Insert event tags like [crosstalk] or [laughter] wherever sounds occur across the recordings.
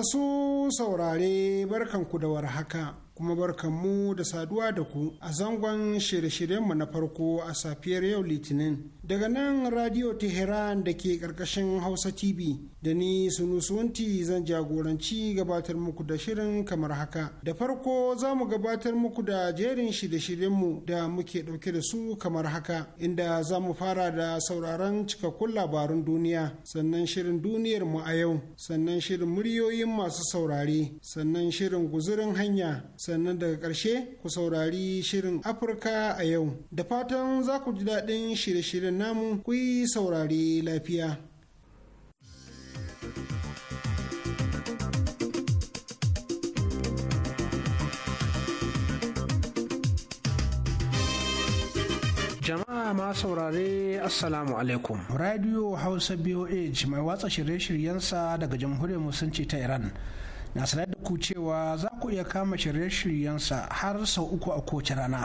Masu saurare ku da haka kuma barkanmu da saduwa da ku a zangon shirye-shiryenmu na farko a safiyar yau Litinin. daga nan radio teheran da ke karkashin hausa tv da ni sunusunti zan jagoranci gabatar muku da shirin kamar haka da farko za mu gabatar muku da jerin shirye-shiryenmu da muke dauke da su kamar haka inda za mu fara da sauraron cikakkun labarun duniya sannan shirin duniyar mu a yau sannan shirin muryoyin masu saurare sannan shirin guzurin hanya sannan daga karshe ku saurari shirin afirka a yau da fatan za ku ji daɗin shirye-shiryen namu ku yi saurari lafiya. jama'a ma saurare assalamu alaikum radio hausa boh mai watsa shirye-shiryensa daga jamhuriyar musulunci ta iran na sanar da ku cewa za ku iya kama shirye-shiryensa har sau uku a kowace rana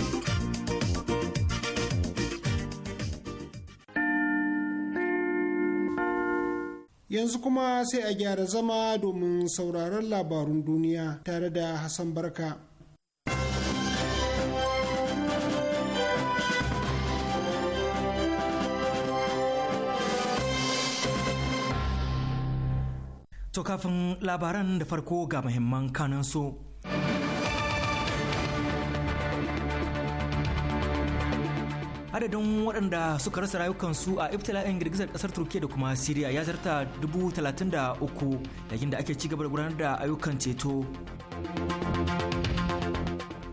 Yanzu kuma sai a gyara zama domin sauraron labarun duniya tare da Hassan Barka. To kafin labaran da farko ga muhimman kanansu. adadin waɗanda suka rasa rayukansu a iftila'in girgizar ƙasar turkiya da kuma siriya ya zarta 33 yayin da ake cigaba da gudanar da ayyukan ceto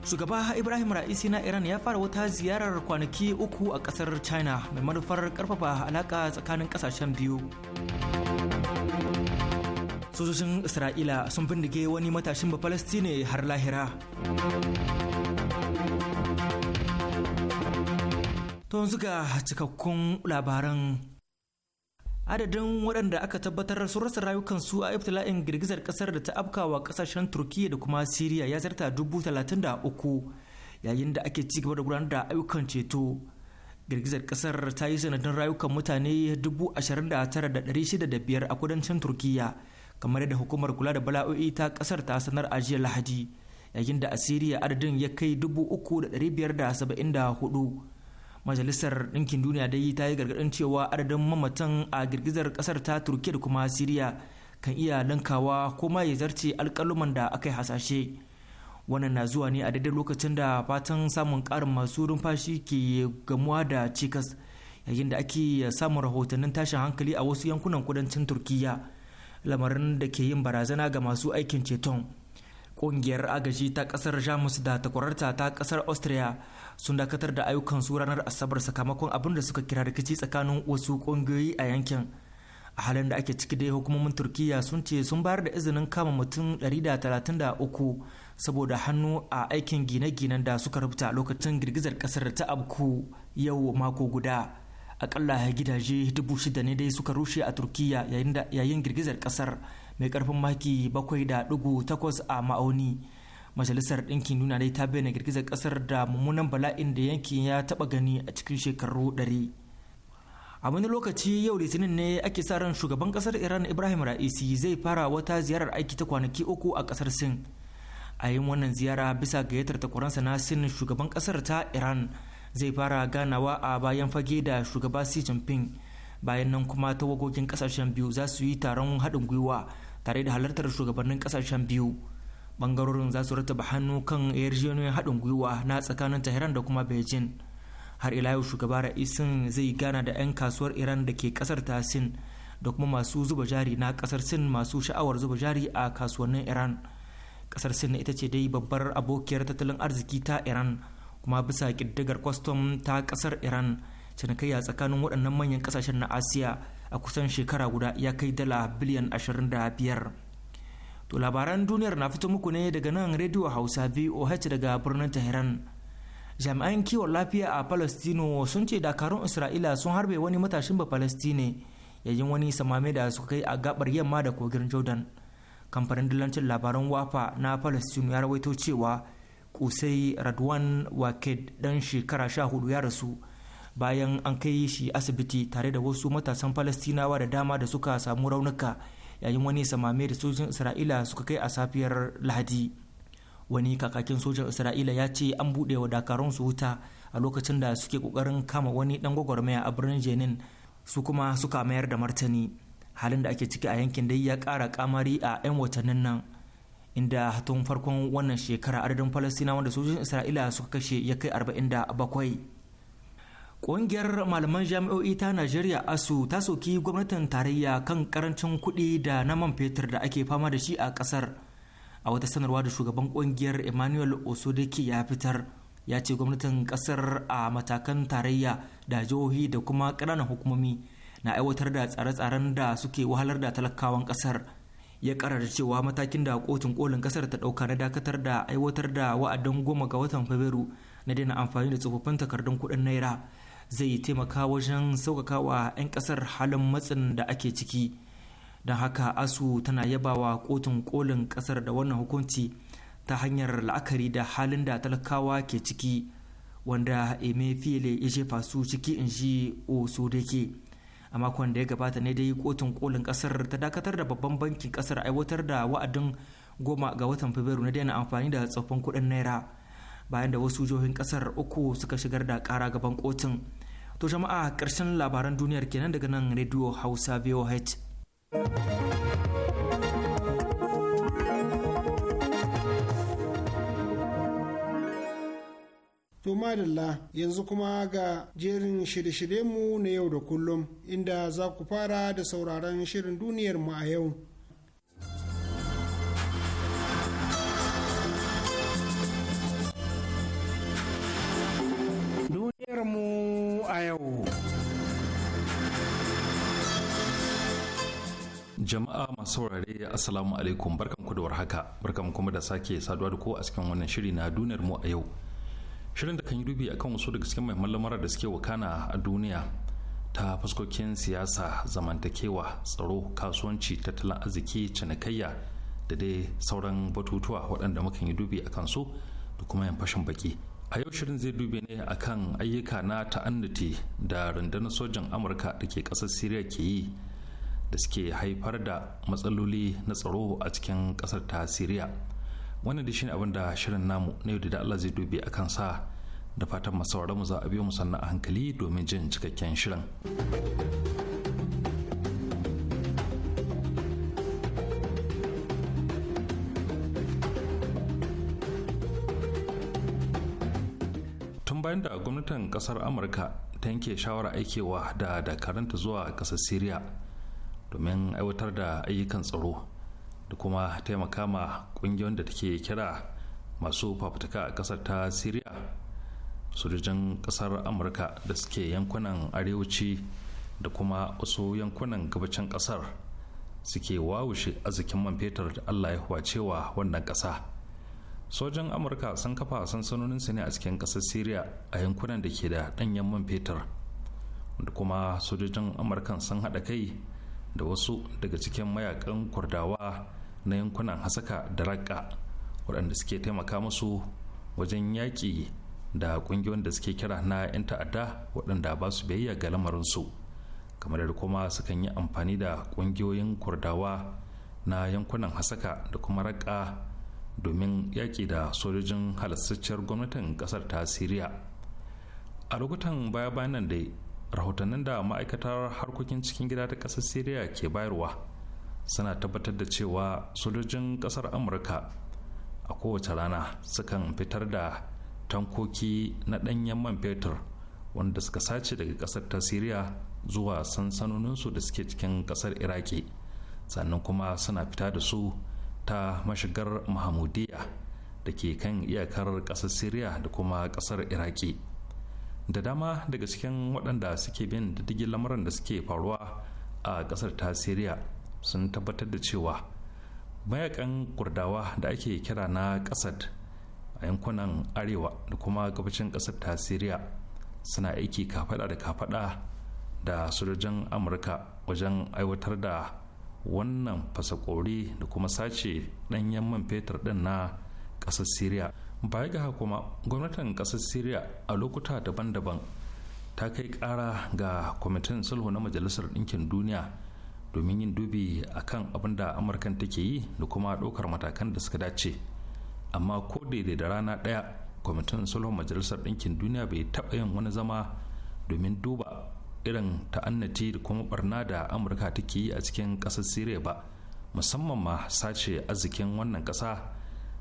shugaba ibrahim ra'isi na iran ya fara wata ziyarar kwanaki uku a ƙasar china mai manufar ƙarfafa alaƙa tsakanin ƙasashen biyu sojojin isra'ila sun bindige wani matashin bafalastine har lahira To yanzu ga cikakkun labaran adadin waɗanda aka tabbatar sun rasa rayukansu a iftila'in girgizar ƙasar da ta afkawa ƙasashen turkiyya da kuma siriya ya zarta dubu talatin da uku yayin da ake cigaba da gudanar da ayyukan ceto girgizar ƙasar ta yi sanadin rayukan mutane dubu ashirin da tara da ɗari shida da biyar a kudancin turkiyya kamar yadda hukumar kula da bala'o'i ta ƙasar ta sanar a jiya lahadi yayin da a siriya adadin ya kai dubu uku da ɗari biyar da saba'in da hudu majalisar ɗinkin duniya dai ta yi gargaɗin cewa adadin mamatan a girgizar ƙasar ta turkiya da kuma siriya kan iya linkawa ko ma ya zarce alƙaluman da aka yi hasashe wannan na zuwa ne a daidai lokacin da fatan samun ƙarin masu rumfashi ke gamuwa da cikas yayin da ake samun rahotannin tashin hankali a wasu yankunan kudancin turkiya lamarin da ke yin barazana ga masu aikin ceton kungiyar agaji ta kasar Jamus da takwararta ta kasar Austria sun dakatar da ayyukan su ranar Asabar sakamakon abin da suka kira rikici tsakanin wasu kungiyoyi a yankin. A halin da ake ciki dai hukumomin Turkiyya sun ce sun bayar da izinin kama mutum 133 saboda hannu a aikin gine-ginen da suka rubuta lokacin girgizar ƙasar ta abku yau mako guda. Akalla gidaje dubu shida ne dai suka rushe a Turkiyya yayin girgizar kasar. mai karfin maki 7.8 a ma'auni majalisar ɗinkin nuna dai ta bayyana girgizar ƙasar da mummunan bala'in da yankin ya taɓa gani a cikin shekaru 100 a wani lokaci yau litinin ne ake sa ran shugaban kasar iran ibrahim ra'isi zai fara wata ziyarar aiki ta kwanaki uku a kasar sin a yin wannan ziyara bisa gayyatar takwaransa na sin shugaban kasar ta iran zai fara ganawa a bayan fage da shugaba xi jinping bayan nan kuma tawagogin kasashen biyu za su yi taron haɗin gwiwa tare da halartar shugabannin kasashen biyu bangarorin za su rattaba hannu kan yarjejeniyar haɗin gwiwa na tsakanin tehran da kuma beijing har ila yau shugaba ra'isin zai gana da 'yan kasuwar iran da ke kasar ta sin da kuma masu zuba jari na kasar sin masu sha'awar zuba jari a kasuwannin iran kasar sin ita ce dai babbar abokiyar tattalin arziki ta iran kuma bisa ƙiddigar kwastom ta kasar iran cinikayya tsakanin waɗannan manyan kasashen na asiya a kusan shekara guda ya kai dala biliyan 25 to labaran duniyar na fito muku ne daga nan rediyo hausa voh daga birnin tehran jami'an kiwon lafiya a palestino sun ce dakarun isra'ila sun harbe wani matashin ba palestine yayin wani samame da suka kai a gabar yamma da kogin jordan kamfanin dillancin labaran wafa na palestino ya rawaito cewa kusai radwan waked dan shekara sha hudu ya rasu bayan an kai shi asibiti tare da wasu matasan falastinawa da dama da suka samu raunuka yayin wani samame da sojin isra'ila suka kai a safiyar lahadi wani kakakin sojan isra'ila ya ce an buɗe wa dakarun su wuta a lokacin da suke kokarin kama wani ɗan gwagwarmaya a birnin jenin su kuma suka mayar da martani halin da ake ciki a yankin dai ya kara kamari a 'yan watannin nan inda tun farkon wannan shekara adadin falastinawa da sojin isra'ila suka kashe ya kai arba'in da bakwai. Ƙungiyar malaman jami'o'i ta Najeriya ASU ta soki gwamnatin tarayya kan karancin kuɗi da na man fetur da ake fama da shi a ƙasar. A wata sanarwa da shugaban ƙungiyar Emmanuel Osodeki ya fitar ya ce gwamnatin ƙasar a matakan tarayya da jihohi da kuma ƙananan hukumomi na aiwatar da tsare-tsaren da suke wahalar da talakawan ƙasar. Ya karar cewa matakin da kotun kolin ƙasar ta ɗauka na dakatar da aiwatar da wa'adin goma ga watan Fabrairu na daina amfani da tsofaffin takardun kuɗin naira zai taimaka wajen sauƙaƙawa 'yan ƙasar halin matsin da ake ciki don haka asu tana yabawa kotun kolin ƙasar da wannan hukunci ta hanyar la'akari da halin da talakawa ke ciki wanda emefiele ya jefa su ciki in ji ke a makon da ya gabata ne dai kotun kolin ƙasar ta dakatar da babban bankin ƙasar aiwatar da wa'adin goma ga watan fabrairu na daina amfani da tsoffin kudin naira bayan da wasu jihohin ƙasar uku suka shigar da kara gaban kotun to jama'a ƙarshen labaran duniyar kenan daga nan radio hausa voh To madalla yanzu kuma ga jerin shirye-shiryenmu na yau da kullum inda za ku fara da sauraron shirin duniyar mu a yau. Jama'a masu saurare Assalamu alaikum barkan ku da warhaka barkan kuma da sake saduwa da ku a cikin wannan shiri na duniyar mu a yau. Shirin da kan yi dubi akan wasu daga cikin mai lamarar da suke wakana a duniya ta fuskokin siyasa zamantakewa tsaro kasuwanci tattalin arziki cinikayya da dai sauran batutuwa waɗanda mukan yi dubi akan su da kuma yan fashin baki. a yau shirin zai dube ne akan ayyuka na ta'annati da rundunar sojan amurka da ke kasar siriya ke yi da suke haifar da matsaloli na tsaro a cikin kasar ta siriya wannan da shine abinda da shirin namu na yau da allah zai dube akan sa da fatan masu mu za a biyo mu sannan a hankali domin jin cikakken shirin gwamnatin kasar amurka ta yanke shawara aikewa da dakaranta zuwa kasar syria domin aiwatar da ayyukan tsaro da kuma taimaka ma kungiyar da take kira masu fafutuka a kasar ta syria sojojin kasar amurka da suke yankunan arewaci da kuma wasu yankunan gabacin kasar suke wawushe arzikin man fetur da allah ya cewa wannan kasa sojan amurka sun kafa sansanonin su ne a cikin ƙasar syria a yankunan da ke da ɗanyen man fetur da kuma sojojin amurka sun haɗa kai da wasu daga cikin mayakan kurdawa na yankunan hasaka da raƙa waɗanda suke taimaka musu wajen yaƙi da ƙungiyoyin da suke kira na 'yan ta'adda waɗanda ba su biyayya ga lamarinsu kamar da kuma sukan yi amfani da ƙungiyoyin kurdawa na yankunan hasaka da kuma raƙa domin yaƙi da sojojin halastacciyar gwamnatin ƙasar ta siriya a lokutan baya bayanan dai rahotannin da ma'aikatar harkokin cikin gida ta ƙasar siriya ke bayarwa suna tabbatar da cewa sojojin ƙasar amurka a kowace rana sukan fitar da tankoki na ɗanyen man fetur wanda suka sace daga ƙasar ta siriya zuwa sansanoninsu da suke cikin ƙasar iraki sannan kuma suna fita da su ta mashigar mahamudiya da ke kan iyakar ƙasar syria da kuma ƙasar iraki da dama daga cikin waɗanda suke bin diddigin lamuran da suke faruwa a ƙasar ta syria sun tabbatar da cewa mayakan kurdawa da ake kira na ƙasar a yankunan arewa da kuma gabacin ƙasar ta syria suna aiki kafada da kafada da sojojin amurka wajen aiwatar da wannan fasakori da kuma sace ɗanyen man fetur ɗin na ƙasar syria baya ga kuma gwamnatin ƙasar syria a lokuta daban-daban ta kai ƙara ga kwamitin sulhu na majalisar ɗinkin duniya domin yin dubi a kan abin da amurkan take yi da kuma ɗaukar matakan da suka dace amma ko daidai da rana ɗaya kwamitin sulhun majalisar ɗinkin duniya bai taɓa yin wani zama domin duba irin ta'annati da kuma barna da amurka take yi a cikin ƙasar siriya ba musamman ma sace arzikin wannan ƙasa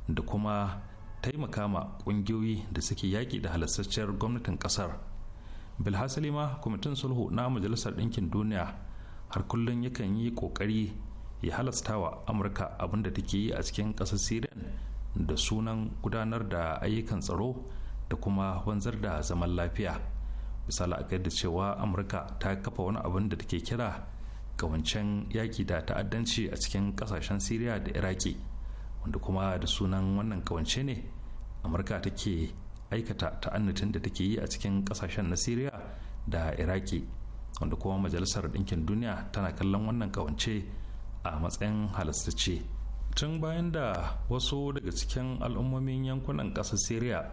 da kuma taimaka ma ƙungiyoyi da suke yaƙi da halassacciyar gwamnatin ƙasar bilhassali ma kwamitin sulhu na majalisar ɗinkin duniya har kullum yakan yi ƙoƙari ya halasta wa amurka abin da take yi a cikin ƙasar syrian da sunan gudanar da ayyukan tsaro da kuma wanzar da zaman lafiya bisa la'akari da cewa amurka ta kafa wani abin da take kira ƙawancen yaƙi da ta'addanci a cikin ƙasashen siriya da iraki wanda kuma da sunan wannan kawance ne amurka take aikata ta'annatin da take yi a cikin ƙasashen na siriya da iraki wanda kuma majalisar ɗinkin duniya tana kallon wannan kawance a matsayin halastace tun bayan da wasu daga cikin al'ummomin yankunan ƙasar syria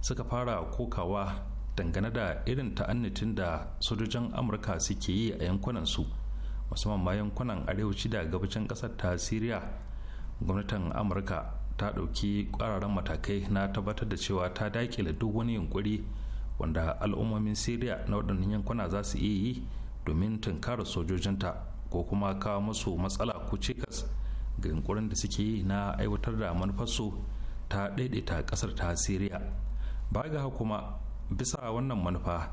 suka fara kokawa dangane da irin ta'annitin da sojojin amurka suke yi a yankunan su musamman ma yankunan arewaci da gabacin kasar ta siriya gwamnatin amurka ta ɗauki ƙwararren matakai na tabbatar da cewa ta daƙile duk wani yunkuri wanda al'ummomin siriya na waɗannan yankuna za su iya yi domin tunkarar sojojinta ko kuma kawo musu matsala ko cikas ga yunkurin da suke yi na aiwatar da manufarsu ta daidaita ƙasar ta siriya ba ga kuma bisa wannan manufa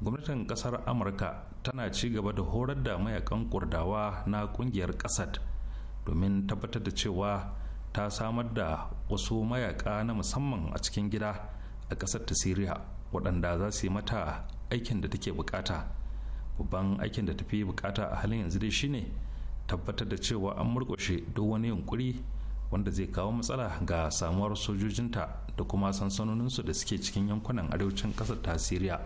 gwamnatin kasar amurka tana ci gaba da horar da mayakan kurdawa na kungiyar kasad domin tabbatar da cewa ta samar da wasu mayaka na musamman a cikin gida a kasar ta siriya waɗanda za su yi mata aikin da take bukata babban aikin da tafi bukata a halin yanzu dai shine tabbatar da cewa an murkushe duk wani yunkuri wanda zai kawo matsala ga samuwar sojojinta da kuma sansanoninsu da suke cikin yankunan arewacin ƙasar ta siriya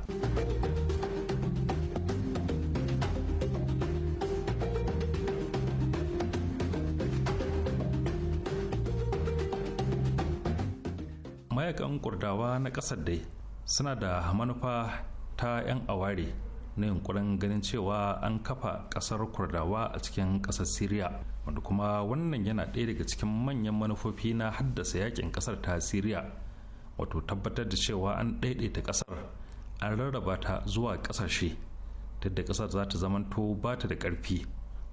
mayakan kurdawa na ƙasar dai suna da manufa ta 'yan aware na yunkurin ganin cewa an kafa kasar kurdawa a cikin kasar syria wanda kuma wannan yana ɗaya daga cikin manyan manufofi na haddasa yakin kasar ta syria wato tabbatar da cewa an ɗaiɗaita kasar an rarraba ta zuwa ƙasashe duk da kasar za ta zamanto ba ta da ƙarfi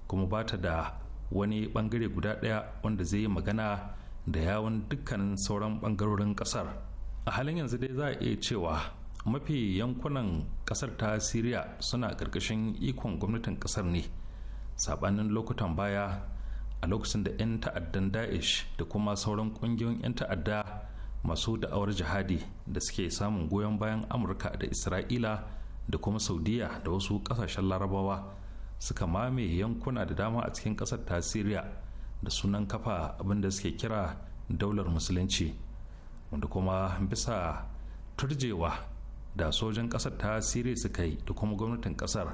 kuma ba ta da wani ɓangare guda ɗaya wanda zai yi magana da yawon dukkanin sauran bangarorin ƙasar. a halin yanzu dai za a iya cewa mafi yankunan kasar ta siriya suna ƙarƙashin ikon gwamnatin kasar ne sabanin lokutan baya a lokacin da 'yan ta'addan daesh da kuma sauran ƙungiyoyin 'yan ta'adda masu da'awar jihadi da suke samun goyon bayan amurka da isra'ila da kuma saudiya da wasu kasashen larabawa suka mame yankuna da dama a cikin kasar ta siriya da sunan kafa abin da suke kira daular musulunci wanda kuma bisa turjewa da sojan kasar ta sire suka yi da kuma gwamnatin kasar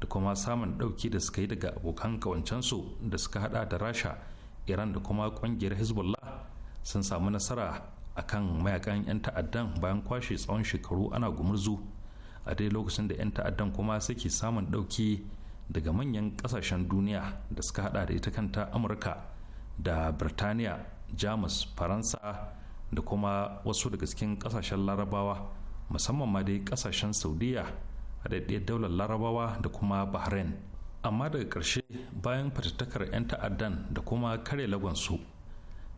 da kuma samun dauki da suka yi daga abokan kawancensu da suka hada da rasha iran da kuma kungiyar hezbollah sun samu nasara a kan mayakan 'yan ta'addan bayan kwashe tsawon shekaru ana gumurzu a dai lokacin da 'yan ta'addan kuma suke samun dauki daga manyan kasashen duniya da suka hada da ita kanta amurka da birtaniya jamus faransa da kuma wasu daga cikin kasashen larabawa musamman ma dai kasashen saudiya a daidai daular larabawa da kuma bahrain amma daga ƙarshe bayan fatattakar 'yan ta'addan da kuma kare lagonsu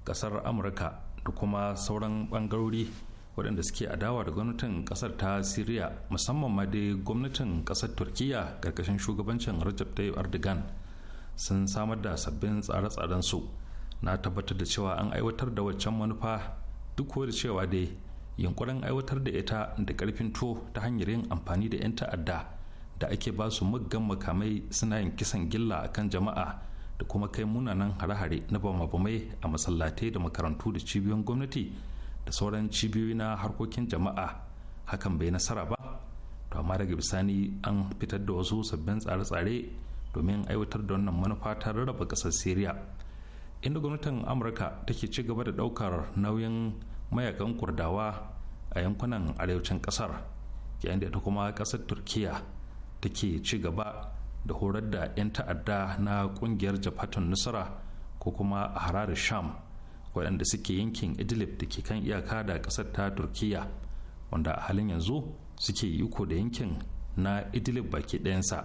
ƙasar amurka da kuma sauran ɓangarori waɗanda suke adawa da gwamnatin ƙasar ta siriya musamman ma dai gwamnatin ƙasar turkiya karkashin shugabancin rajab tayyip erdogan sun samar da sabbin tsare tsarensu na tabbatar da cewa an aiwatar da waccan manufa duk da cewa dai yunkurin aiwatar da ita da karfin to ta hanyar yin amfani da 'yan ta'adda da ake ba su muggan makamai suna yin kisan gilla a kan jama'a da kuma kai munanan hare-hare na bamabamai a masallatai da makarantu da cibiyoyin gwamnati da sauran cibiyoyi na harkokin jama'a hakan bai nasara ba to amma daga bisani an fitar da wasu sabbin tsare-tsare domin aiwatar da wannan manufa ta rarraba ƙasar syria inda gwamnatin amurka take ci gaba da ɗaukar nauyin mayakan kurdawa a yankunan arewacin kasar yayin da ita kuma kasar turkiya take ci gaba da horar da 'yan ta'adda na kungiyar jafatun nusra ko kuma a hararar sham waɗanda suke yankin idlib da ke kan iyaka da kasar ta turkiya wanda a halin yanzu suke yi uku da yankin na idlib baki ɗayansa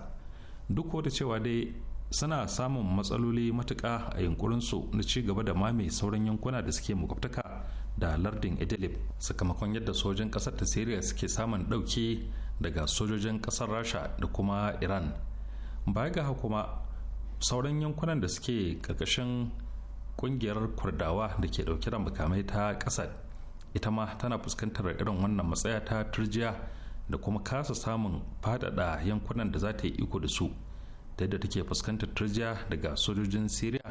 duk wata cewa dai suna samun matsaloli matuƙa a yunkurinsu na ci gaba da mame sauran yankuna da suke makwabtaka da lardin idlib sakamakon yadda sojin kasar ta syria suke samun ɗauke daga sojojin kasar rasha da kuma iran baya ga kuma sauran yankunan da suke karkashin ƙungiyar kurdawa da ke ɗauke da makamai ta ƙasar ita ma tana fuskantar irin wannan matsaya ta turjiya da kuma kasa samun faɗaɗa yankunan da za ta yi iko da su ta yadda take fuskantar turjiya daga sojojin syria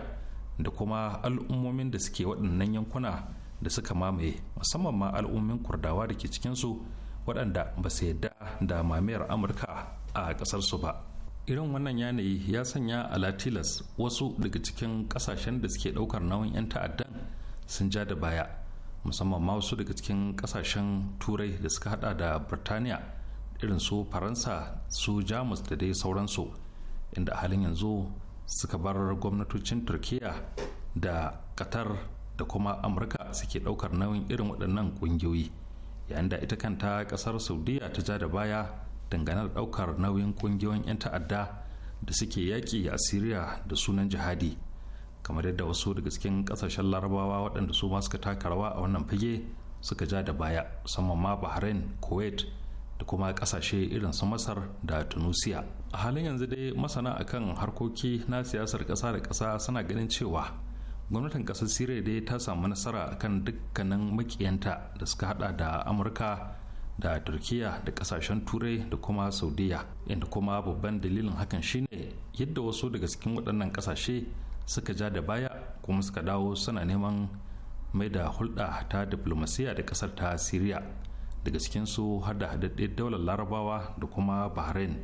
da kuma al'ummomin da suke waɗannan yankuna da suka mamaye musamman ma al'ummin kurdawa da ke cikinsu waɗanda ba su yadda da mamayar amurka a ƙasarsu ba irin wannan yanayi ya sanya a alatilas wasu daga cikin ƙasashen da suke ɗaukar nauyin 'yan ta'addan sun ja da baya musamman ma wasu daga cikin ƙasashen turai da suka hada da birtaniya irin su faransa su jamus da dai sauransu inda halin yanzu suka bar gwamnatocin turkiya da qatar da kuma amurka suke daukar nauyin irin waɗannan ƙungiyoyi yayin da ita kanta ƙasar saudiya ta ja da baya dangane da daukar nauyin ƙungiyoyin 'yan ta'adda da suke yaƙi a siriya da sunan jihadi kamar yadda wasu daga cikin ƙasashen larabawa waɗanda su ma suka taka rawa a wannan fage suka ja da baya musamman ma bahrain kuwait da kuma ƙasashe irin su masar da tunisia a halin yanzu dai masana akan harkoki na siyasar ƙasa da ƙasa suna ganin cewa gwamnatin kasar siriya dai ta samu nasara kan dukkanin makiyanta da suka hada da amurka da turkiya da kasashen turai da kuma saudiya inda kuma babban dalilin hakan shine yadda wasu daga cikin waɗannan kasashe suka ja da baya kuma suka dawo suna neman mai da hulɗa ta diplomasiya da kasar ta siriya daga cikinsu har da haɗaɗɗe daular larabawa da kuma bahrain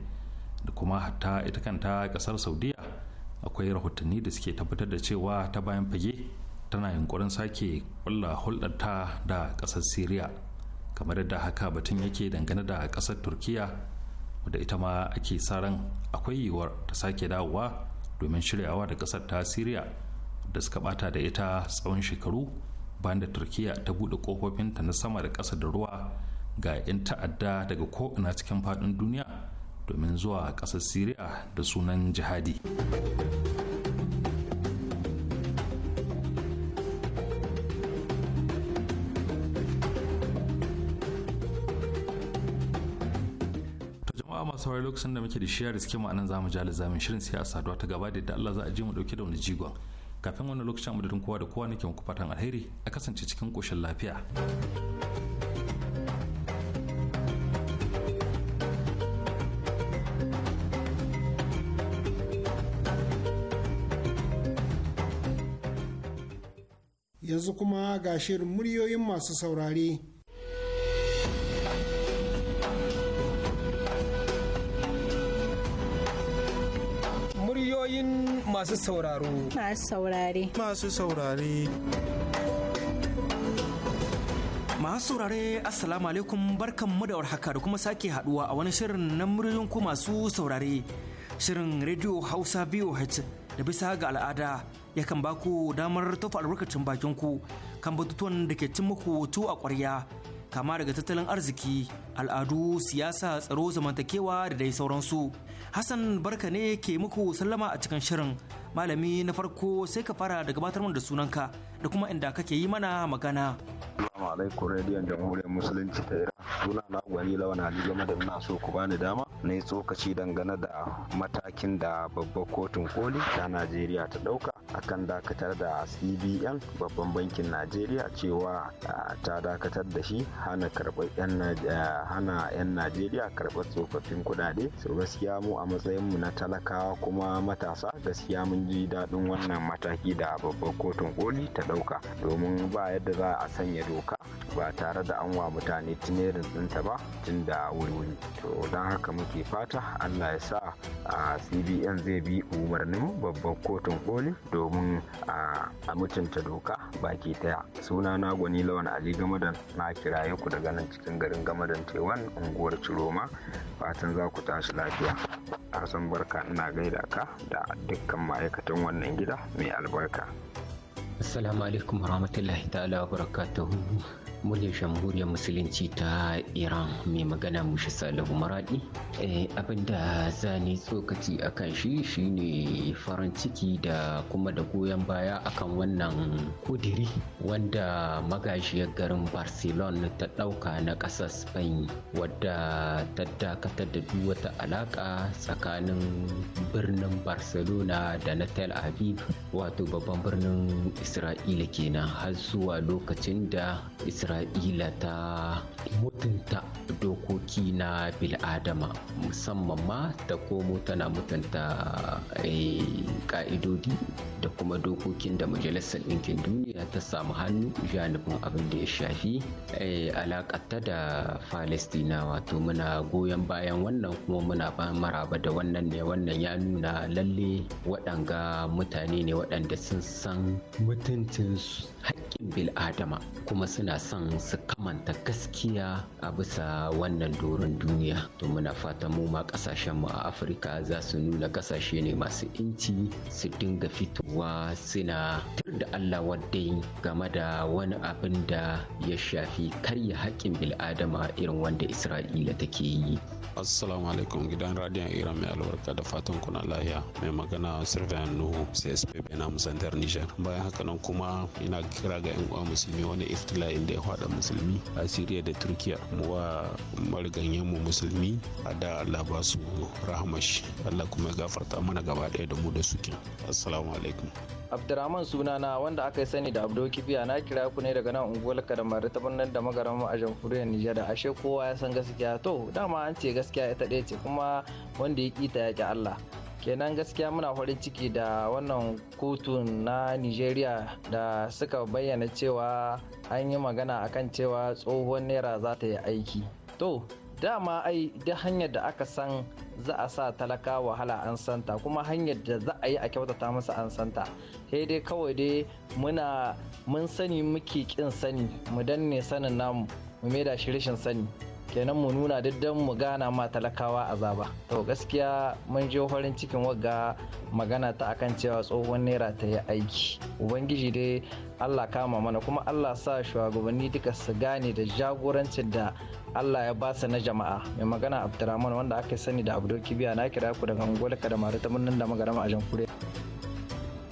da kuma hatta ita kanta kasar saudiya akwai rahotanni da suke tabbatar da cewa ta bayan fage tana yunkurin sake kulla hulɗarta da ƙasar syria kamar yadda haka batun yake dangane da ƙasar turkiya wadda ita ma ake sa ran akwai yiwuwar ta sake dawowa domin shiryawa da ƙasar ta syria da suka bata da ita tsawon shekaru bayan da turkiya ta buɗe kofofinta na sama da ƙasa da ruwa ga 'yan ta'adda daga ko'ina cikin faɗin duniya domin zuwa ƙasar Siriya da sunan jihadi. masu saurari lokacin da muke da shiya da suke ma'anan zamu ji lizamin shirin siyasa saduwa ta gaba da yadda Allah za a je mu dauke da wani jigon kafin wannan lokacin da kowa da kowa nake muku fatan alheri a kasance cikin koshin lafiya. yanzu kuma ga shirin muryoyin masu saurare. Muryoyin masu sauraro. Masu saurare. Masu saurare. Masu saurare Assalamu alaikum barkan da warhaka da kuma sake haduwa a wani shirin na muryoyin ku masu saurare. Shirin Radio Hausa VOH da bisa ga al'ada ya kan ba ku damar tofa albarkacin bakin ku kan batutuwan da ke cin muku tu a kwarya kama daga tattalin arziki al'adu siyasa tsaro zamantakewa da dai sauransu hassan barka ne ke muku sallama a cikin shirin malami na farko sai ka fara da gabatar da sunanka da kuma inda kake yi mana magana Assalamu alaikum rediyon jamhuriyar musulunci ta Iran suna na gwani lawan ni game da ina so ku bani dama na tsokaci dangane da matakin da babbar kotun koli ta najeriya ta ɗauka akan dakatar da cbn babban bankin najeriya cewa ta dakatar da shi hana 'yan najeriya karɓar tsofaffin kudade so gaskiya mu a matsayin mu na talakawa kuma matasa gaskiya mun ji daɗin wannan mataki da babbar kotun koli ta ɗauka domin ba yadda za a sanya doka ba tare da an wa mutane tinerin ɗinta ba tun da wuri to don haka muke ke fata allah ya sa a cbn zai bi umarnin babban kotun koli domin a mutunta doka baki daya suna na gwani lawan ali gamadan na kiraye ku daga nan cikin garin gamadan tewan unguwar ciroma fatan za ku tashi lafiya san barka ina gaida ka da dukkan ma'aikatan wannan gida mai albarka assalamu alaikum warahmatullahi ta'ala wa barakatuhu muni shamhuriyar musulunci ta iran mai magana mushi salihu maradi eh, za zani tsokaci a kan shi shine farin ciki da kuma da goyon baya akan wannan kudiri wanda magashiyar garin barcelona ta dauka na kasar spain wadda ta dakatar da duk wata alaka tsakanin birnin barcelona da na tel aviv wato babban birnin isra'ila kenan har zuwa lokacin da isra'ila isra'ila ta mutunta dokoki na bil'adama musamman ma ta komo tana mutunta eh, ka'idodi da kuma dokokin da majalisar ɗinkin duniya ta samu hannu janibin abin da ya shafi eh, alakata da falistina wato muna goyon bayan wannan kuma muna ba maraba da wannan ne wannan ya nuna lalle waɗanga mutane ne waɗanda sun san mutuncin haƙƙin bil'adama kuma suna son sannan su kamanta gaskiya a bisa wannan doron duniya to muna fatan mu ma kasashen mu a afirka za su nuna kasashe ne masu inci su dinga fitowa suna tur da allah wadai game da wani abin da ya shafi karya haƙƙin bil'adama irin wanda isra'ila take yi assalamu alaikum gidan radiyon iran mai albarka da fatan kuna lahiya mai magana sirvin nuhu csp na musantar nijar bayan haka nan kuma ina kira ga yan uwa musulmi wani iftila'in da ya fada musulmi a siriya da turkiya mu wa marganyen mu musulmi a da allah ba su rahamashi allah kuma ya gafarta mana gaba ɗaya da mu da suke assalamu alaikum abdurrahman sunana wanda aka yi sani da abdoki biya na kira ku ne daga nan unguwar kadamar ta birnin da magaran a jamhuriyar nijar da ashe kowa ya san gaskiya to dama an ce gaskiya ita ɗaya ce kuma wanda ya kita ya ki allah kenan gaskiya muna farin ciki da wannan kotun na nigeria da suka bayyana cewa an yi magana akan cewa tsohon naira za ta yi aiki to dama ai duk hanyar da aka san za a sa talaka wahala an santa kuma hanyar da za a yi a kyautata masa an santa sai dai kawai dai muna mun sani muke kin sani mu danne sanin namu mu maida shi rashin sani kenan mu nuna daddan mu gana ma talakawa azaba to gaskiya mun je farin cikin wagga magana ta akan cewa tsohon naira ta yi aiki ubangiji dai allah kama mana kuma allah sa shugabanni duka su gane da jagorancin da allah ya ba su na jama'a mai magana abdurrahman wanda aka sani da abdul kibiya na kira ku daga ka da ta nan da magarama a jamhuriyar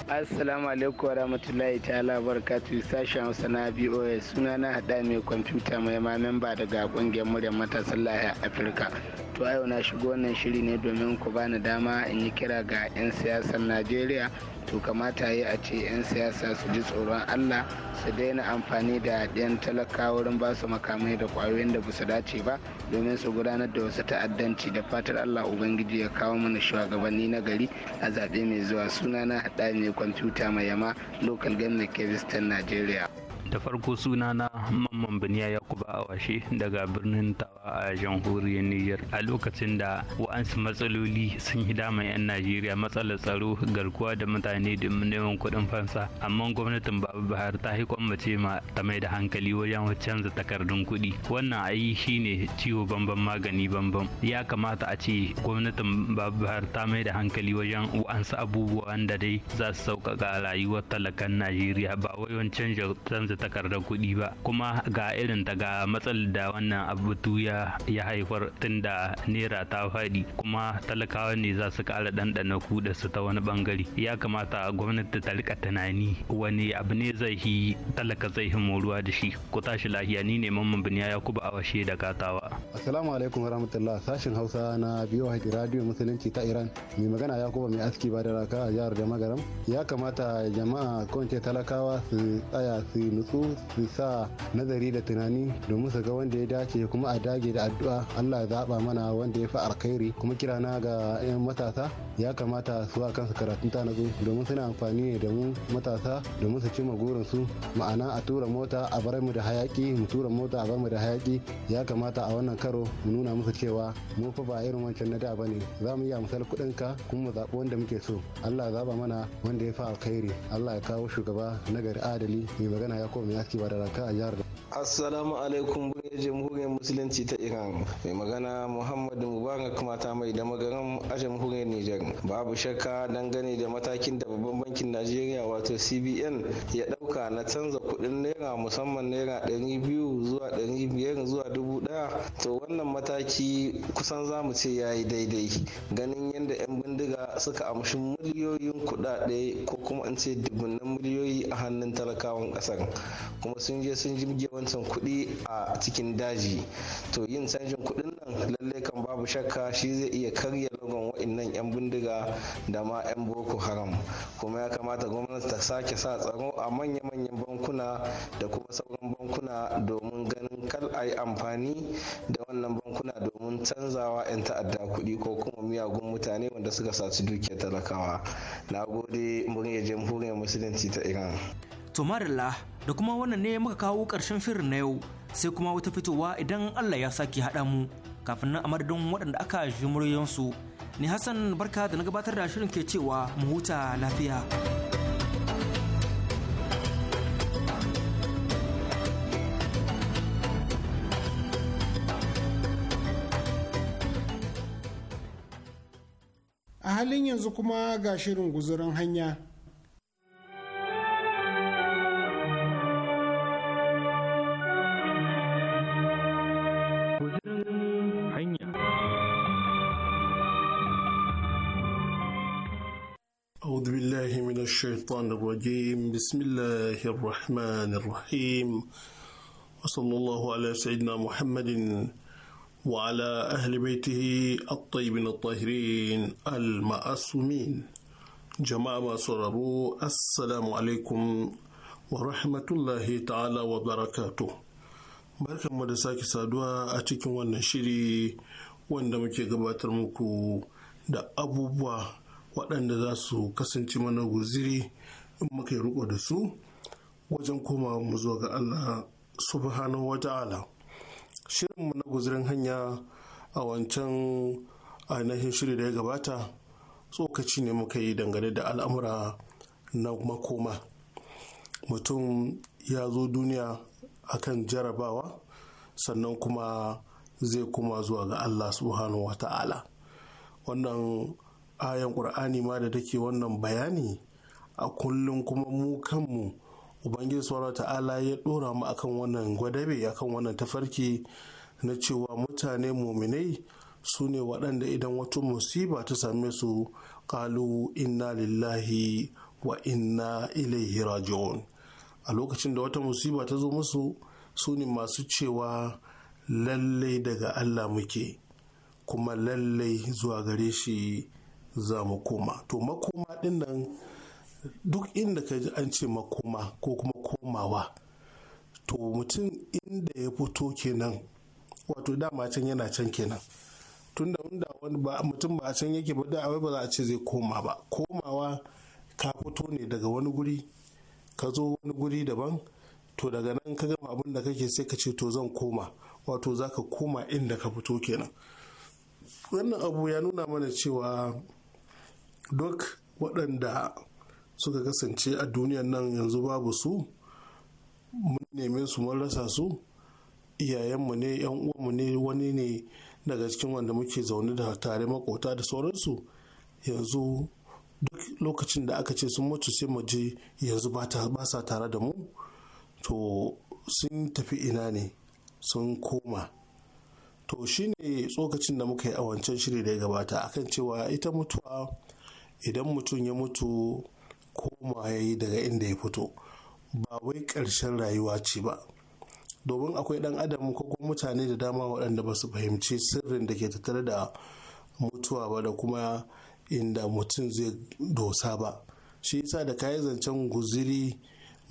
Assalamu alaikum rahmatullahi ta'ala barakatuh sashen Hausa na BOA suna na hada mai kwamfuta mai ma memba daga kungiyar muryar matasan a Afirka. To yau na shigo wannan shiri ne domin ku bani dama in yi kira ga 'yan siyasar Najeriya to kamata yi a ce 'yan siyasa su ji tsoron allah su daina amfani da yan talaka wurin ba su makamai da kwayoyin da su dace ba domin su gudanar da wasu ta'addanci da fatar allah ubangiji ya kawo mana shugabanni na gari a zaɓe mai zuwa sunana haɗa mai kwamfuta mai yama local na kevistan nigeria. da farko suna na mamman biniya yakuba awashe daga birnin tawa a jamhuriyar niger a lokacin da wa'ansu matsaloli sun yi dama 'yan najeriya matsalar tsaro garkuwa da mutane da neman kuɗin fansa amma gwamnatin babu bahar ta yi kwammace ma ta mai da hankali wajen canza takardun kuɗi wannan ayi shine ciwo bamban magani bamban ya kamata a ce gwamnatin babu bahar ta mai da hankali wajen wa'ansu abubuwan da dai za su sauƙaƙa rayuwar talakan najeriya ba wai wancan canza takardar kuɗi ba kuma ga irin ta ga matsalar da wannan abutu ya ya haifar tun da naira ta faɗi kuma talakawa ne za su ƙara ɗanɗana kuɗa su ta wani ɓangare ya kamata gwamnati ta rika tunani wani abu ne zai yi talaka zai yi moruwa da shi ku tashi lahiya ni ne mamman biniya ya kuba awashe da katawa assalamu alaikum warahmatullah sashin hausa na biyo haƙi radio musulunci ta iran mai magana ya kuba mai aski ba da raka a jihar da magaram ya kamata jama'a kwance talakawa su tsaya su to su sa nazari da tunani domin su ga wanda ya dace kuma a dage da addu'a Allah ya zaba mana wanda ya fi alkhairi kuma kirana ga 'yan matasa ya kamata su a kansu karatun tanazu domin suna amfani da mu matasa domin su cimma su ma'ana a tura mota a bar mu da hayaki mu tura mota a bar mu da hayaki ya kamata a wannan karo mu nuna musu cewa mu fa ba irin wancan na da bane za mu iya musal kuɗin ka kuma mu zaɓi wanda muke so Allah ya zaba mana wanda ya fi alkhairi Allah ya kawo shugaba nagari adali mai magana ya yakubu mai ba da a jihar assalamu alaikum buɗe jamhuriyar musulunci ta iran mai magana muhammadu mubarak mata mai da magaran a jamhuriyar niger babu shakka dangane da matakin da babban bankin najeriya wato cbn ya ɗauka na canza kuɗin naira musamman naira ɗari biyu zuwa ɗari biyar zuwa dubu ɗaya to wannan mataki kusan za mu ce ya yi daidai ganin yadda 'yan bindiga suka amshi miliyoyin kuɗaɗe ko kuma in ce dubunnan miliyoyi a hannun talakawan ƙasar kuma sun je sun ji wancan kuɗi a cikin daji to yin canjin kuɗin nan lalle kan babu shakka shi zai iya karya logon wa'annan 'yan bindiga da ma 'yan boko haram kuma ya kamata gwamnati ta sake sa tsaro a manya-manyan bankuna da kuma sauran bankuna domin ganin kal a yi amfani da wannan bankuna domin canzawa 'yan ta'adda kuɗi ko kuma miyagun mutane wanda suka saci dukiyar talakawa na gode muryar jamhuriyar musulunci ta iran To marilla da kuma wannan ne muka kawo ƙarshen shirin na yau sai kuma wata fitowa idan Allah ya sake haɗa mu kafin nan a madadin waɗanda aka ji muryoyinsu. Ni Hassan barka da na gabatar da shirin ke cewa mu huta lafiya. A halin yanzu kuma ga shirin guzuran hanya. الشيطان الرجيم بسم الله الرحمن الرحيم وصلى الله على سيدنا محمد وعلى أهل بيته الطيبين الطاهرين المعصومين جماعة سرروا السلام عليكم ورحمة الله تعالى وبركاته بارك mu da sake أتيكم a cikin wannan shiri wanda muke da abubuwa waɗanda za su kasance mana guziri in muka yi riko da su wajen koma mu zuwa ga Allah subhanahu wa ta'ala mu na guzirin hanya a wancan ainihin shiri da ya gabata tsokaci ne muka yi dangane da al'amura na makoma mutum ya zo duniya akan jarabawa sannan kuma zai koma zuwa ga Allah subhanahu wa ta'ala wannan ayan ƙur'ani ma da take wannan bayani a kullum kuma mu kanmu ubangiji sauran ta'ala ya ɗora mu akan wannan gwadabe akan wannan tafarki na cewa mutane muminai su ne waɗanda idan wata musiba ta same su kalu inna lillahi wa inna ilaihi raji'un a lokacin da wata musiba ta zo musu su ne masu cewa lallai daga allah muke kuma lallai zuwa gare shi za mu koma to makoma din nan duk inda ka ji an ce makoma ko kuma komawa to mutum inda ya fito kenan wato dama can yana can kenan tunda inda wani ba mutum ba a can yake ba da ba za a ce zai koma ba komawa ka fito ne daga wani guri ka zo wani guri daban to daga nan ka gama abin da kake sai ka ce to zan koma wato za ka koma inda ka fito kenan wannan abu ya nuna mana cewa duk waɗanda suka kasance a duniyan nan yanzu babu su mun neme su mun rasa su iyayenmu ne yan uwanmu ne wani ne daga cikin wanda muke zaune da tare makota da sauransu yanzu duk lokacin da aka ce sun mutu sai mu je yanzu ba sa tare da mu to sun tafi ina ne sun koma to shine tsokacin da muka yi a wancan shiri da ya gabata akan cewa ita mutuwa idan mutum ya mutu koma ya daga inda ya fito ba wai ƙarshen rayuwa ce ba domin akwai ɗan adam ko kuma mutane da dama waɗanda ba su fahimci sirrin da ke tattare da mutuwa ba da kuma inda mutum zai dosa ba shi yasa da kayi zancen guziri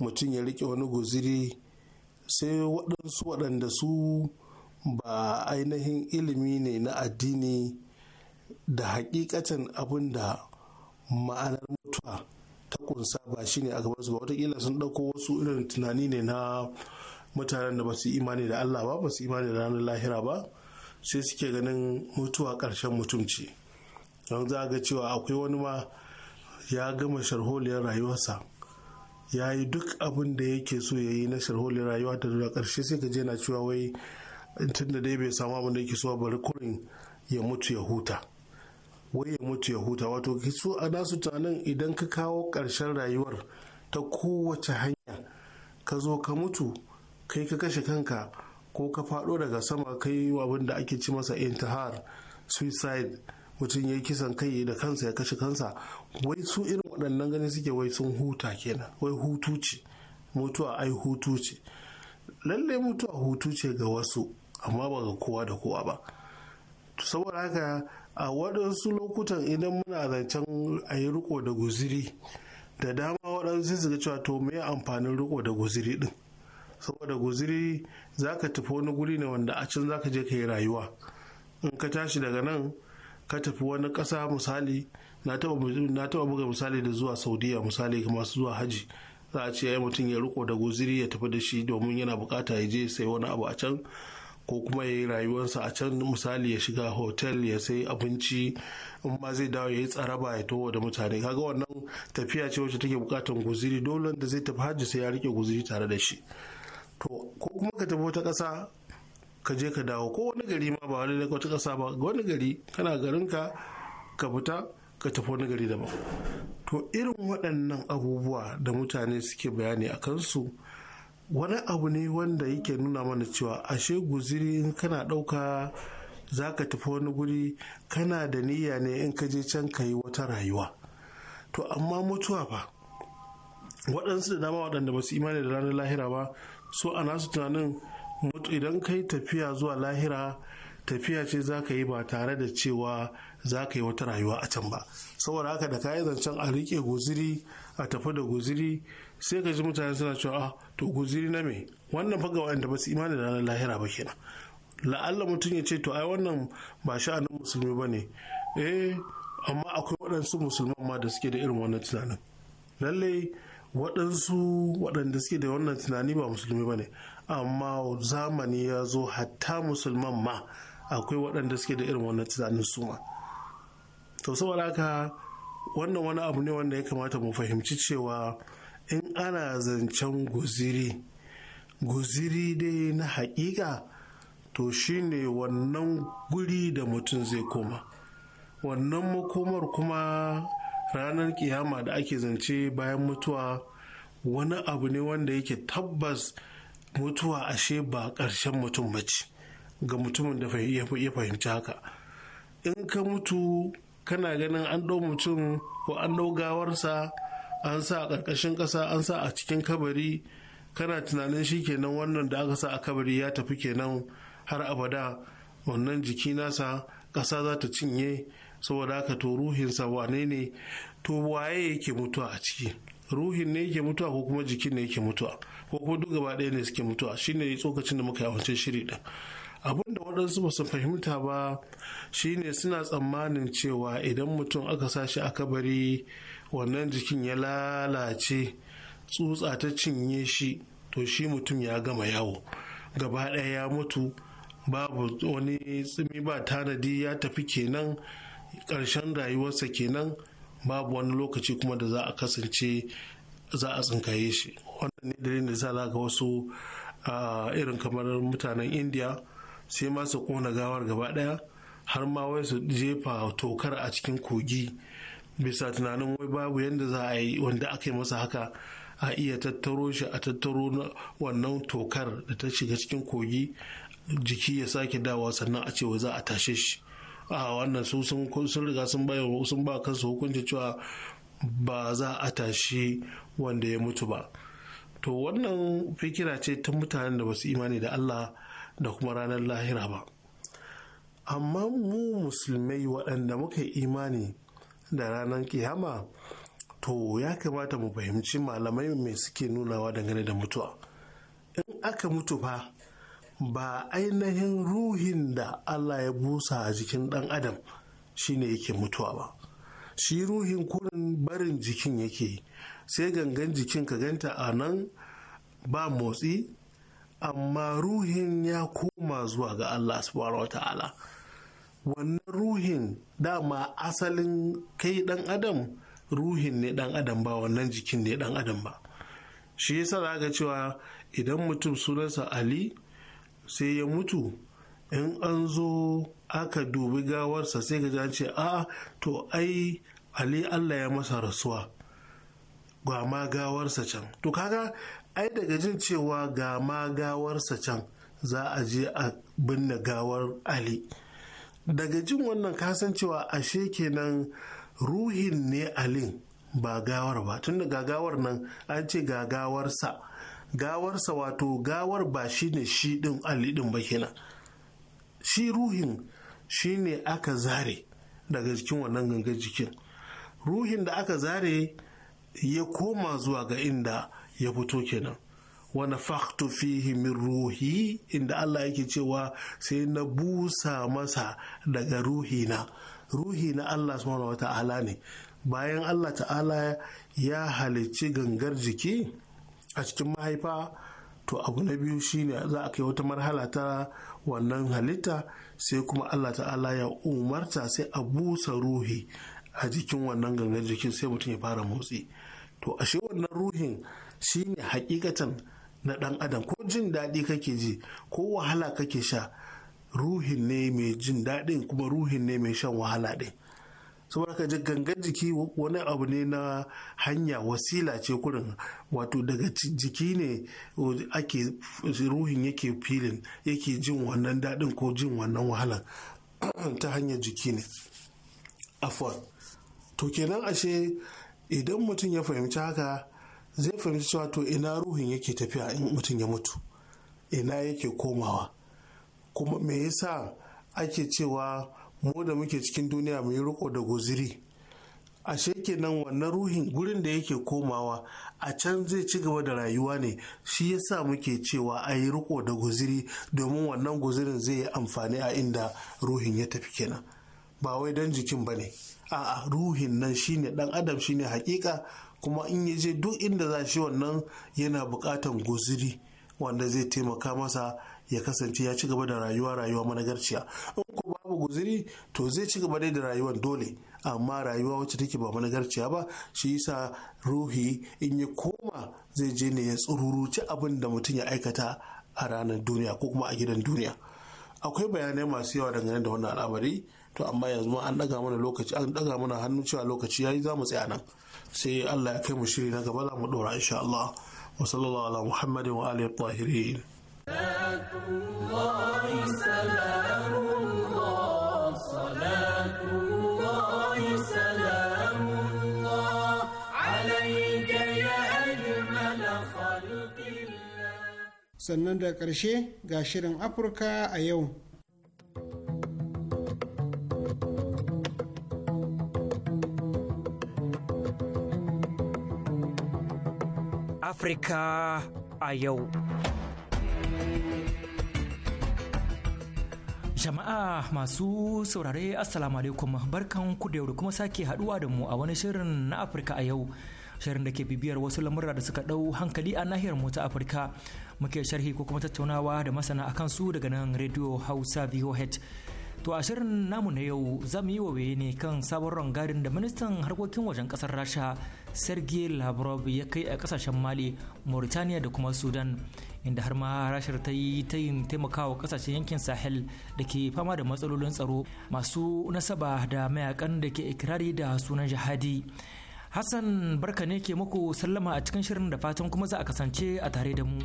mutum ya riƙe wani guziri sai waɗansu waɗanda su ba ainihin ilimi ne na addini da hakikatan abin da ma'anar mutuwa ta kunsa ba shi ne a gabansu su ba watakila sun ɗauko wasu irin tunani ne na mutanen da ba su imani da Allah ba ba su imani da ranar lahira ba sai suke ganin mutuwa ƙarshen mutumci don za ga cewa akwai wani ma ya gama sharholiyar rayuwarsa ya yi duk abin da yake so ya yi na sharholiyar rayuwa da zuwa ƙarshe sai ka je na cewa wai tun da dai bai samu abin da yake so bari kurin ya mutu ya huta wai ya mutu ya huta wato su a nasu tunanin idan ka kawo ƙarshen rayuwar ta kowace hanya ka zo ka mutu kai ka kashe kanka ko ka faɗo daga sama kai abin da ake ci masa intihar suicide mutum ya yi kisan kai da kansa ya kashe kansa wai su irin waɗannan gani suke wai sun huta kenan wai hutu ce mutuwa ai hutu ce lallai mutuwa hutu ce ga wasu amma ba ga kowa da kowa ba saboda haka a waɗansu lokutan idan muna zancen a yi riko da guziri da dama waɗansu su ga cewa to me amfanin riko da guziri din saboda guziri za ka tafi wani guri ne wanda a can za ka je ka yi rayuwa in ka tashi daga nan ka tafi wani ƙasa misali na taɓa buga misali da zuwa saudiya misali masu zuwa hajji za a ce ya mutum ya riko da guziri ya tafi da shi domin yana bukata ya je sai wani abu a can ko kuma ya yi rayuwarsa a can misali ya shiga hotel ya sai abinci in ma zai dawo ya yi tsaraba ya towa da mutane kaga wannan tafiya ce wacce take bukatar guziri dole da zai tafi hajji sai ya rike guziri tare da shi to ko kuma ka tafi wata kasa ka je ka dawo ko wani gari ma ba wani wata ƙasa ba wani gari kana garinka ka fita ka tafi wani gari daban to irin waɗannan abubuwa da mutane suke bayani a kansu wani abu ne wanda yake nuna mana cewa ashe guziri in kana ɗauka za ka tafi wani guri kana da niyya ne in ka je can ka yi wata rayuwa to amma mutuwa fa waɗansu da dama waɗanda ba su imani da ranar lahira ba so a nasu tunanin idan ka yi tafiya zuwa lahira tafiya ce za ka yi ba tare da cewa za ka yi wata rayuwa a can ba saboda haka da kayi zancen a riƙe guziri a tafi da guziri sai ka ji mutane suna cewa ah to guziri na me wannan faga wanda ba su imani da ranar lahira ba kenan la'alla mutum ya ce to ai wannan ba sha'anin musulmi ba ne eh amma akwai waɗansu musulman ma da suke da irin wannan tunanin lallai waɗansu waɗanda suke da wannan tunani ba musulmi ba ne amma zamani ya zo hatta musulman ma akwai waɗanda suke da irin wannan tunanin su ma to saboda haka wannan wani abu ne wanda ya kamata mu fahimci cewa in ana zancen guziri guziri dai na haƙiƙa to shine wannan guri da mutum zai koma wannan makomar kuma ranar kiyama da ake zance bayan mutuwa wani abu ne wanda yake tabbas mutuwa ashe ba ƙarshen mutum bace ga mutumin da ya fahimci haka in ka mutu kana ganin an ɗau mutum ko an ɗau gawarsa an sa a ƙarƙashin ƙasa an sa a cikin kabari kana tunanin shi kenan wannan da aka sa a kabari ya tafi kenan har abada wannan jiki nasa ƙasa za ta cinye saboda haka to ruhinsa wane ne to waye yake mutuwa a ciki ruhin ne yake mutuwa ko kuma jikin ne yake mutuwa ko kuma duk gaba ɗaya ne suke mutuwa shine tsokacin da muka yi shiri ɗin abin da waɗansu ba su fahimta ba shine suna tsammanin cewa idan mutum aka sa shi a kabari wannan jikin ya lalace tsutsa ta cinye shi to shi mutum ya gama yawo gaba ɗaya ya mutu babu wani tsimi ba tanadi ya tafi kenan ƙarshen rayuwarsa kenan babu wani lokaci kuma da za a kasance za a tsinkaye shi wannan ne dalilin da za za ga wasu irin kamar mutanen indiya sai masu kona gawar gaba ɗaya har ma wai su jefa tokar a cikin kogi bisa tunanin wai babu yadda za a yi wanda aka yi masa haka a iya tattaro shi a tattaro wannan tokar da ta shiga cikin kogi jiki ya sake dawa sannan a ce za a tashe shi a wannan su sun riga sun bayar sun ba kansu hukunci cewa ba za a tashi wanda ya mutu ba to wannan fikira ce ta mutanen da basu imani da Allah da kuma ranar lahira ba amma mu musulmai waɗanda muka imani da ranar kiyama to ya kamata mu fahimci malamai mai suke nunawa dangane da mutuwa in aka mutu fa ba ainihin ruhin da allah ya busa a jikin dan adam shine yake mutuwa ba shi ruhin kurin barin jikin yake sai gangan jikin ka ganta a nan ba motsi amma ruhin ya koma zuwa ga allah subhanahu wa ta'ala wannan ruhin dama asalin kai dan adam ruhin ne dan adam ba wannan jikin ne dan adam ba shi yasa za ga cewa idan mutum sunansa ali sai ya mutu in an zo aka dubi gawarsa sai ga ce a to ai ali allah ya masa rasuwa ga ma gawarsa can to kaga ai daga jin cewa ga ma gawarsa can za a je a binne gawar ali daga jin wannan kasancewa ashe kenan ruhin ne alin ba gawar ba tun da gagawar nan an ce gagawarsa gawarsa wato gawar ba shi ne shi ɗin alidin ba kenan shi ruhin shi ne aka zare daga jikin wannan gangan jikin ruhin da aka zare ya koma zuwa ga inda ya fito kenan Wani nafakhtu fihi min ruhi inda Allah yake cewa sai na busa masa daga ruhina ruhi na Allah subhanahu wa ta'ala ne bayan Allah ta'ala ya halicci gangar jiki a cikin mahaifa to abu na biyu shine za a kai wata marhala ta wannan halitta sai kuma Allah ta'ala ya umarta sai a busa ruhi a jikin wannan gangar jikin sai mutum ya fara motsi to ashe wannan ruhin shine hakikatan na ɗan adam ko jin daɗi kake ji ko wahala kake sha ruhin ne mai jin daɗin kuma ruhin ne mai shan wahala ɗin saboda ka gangan jiki wani abu ne na hanya wasila ce kurin wato daga jiki ne ake ruhin yake filin yake jin wannan daɗin ko jin wannan wahalan [clears throat] ta hanyar jiki ne afuwa to kenan ashe idan mutum ya fahimci haka zai fahimci cewa to ina ruhin yake tafiya in mutum ya mutu ina yake komawa kuma me yasa ake cewa mu da muke cikin duniya mu yi riko da guziri ashe nan wannan ruhin gurin da yake komawa a can zai ci gaba da rayuwa ne shi yasa muke cewa a yi riko da guziri domin wannan guzirin zai yi amfani a inda ruhin ya tafi kenan ba wai don jikin ba ne a'a ruhin nan shine Ɗan adam shine hakika kuma in ya je duk inda za shi wannan yana buƙatan guziri wanda zai taimaka masa ya kasance ya ci gaba da rayuwa rayuwa managarciya in ko babu guziri to zai ci gaba da rayuwar dole amma rayuwa wacce take ba managarciya ba shi yasa ruhi in ya koma zai je ne ya tsururuci abin da mutum ya aikata a ranar duniya ko kuma a gidan duniya akwai bayanai masu yawa dangane da wannan al'amari to amma yanzu an daga mana lokaci an daga mana hannu cewa lokaci yayi zamu mu tsaya nan sai Allah ya kai mu shiri na gaba za mu dora insha Allah wa sallallahu ala Muhammadin wa alihi tahirin sannan da ƙarshe ga shirin afirka a yau Afirka a yau. Jama'a masu saurare Assalamu alaikum barkan ku da yau kuma sake haduwa da mu a wani shirin na Afirka a yau. Shirin da ke bibiyar wasu lamurra da suka ɗau hankali a nahiyar mu ta Afirka. Muke sharhi ko kuma tattaunawa da masana akan su daga nan Radio Hausa VOH. To a shirin namu na yau za mu yi wa ne kan sabon rangadin da ministan harkokin wajen ƙasar Rasha sergei lavrov ya kai a kasashen mali mauritania da kuma sudan inda har ma rashar ta yi tayin taimakawa kasashen yankin sahel da ke fama da matsalolin tsaro masu nasaba da mayakan da ke ikirari da sunan jihadi hassan barka ne ke muku sallama a cikin shirin da fatan kuma za a kasance a tare da mu.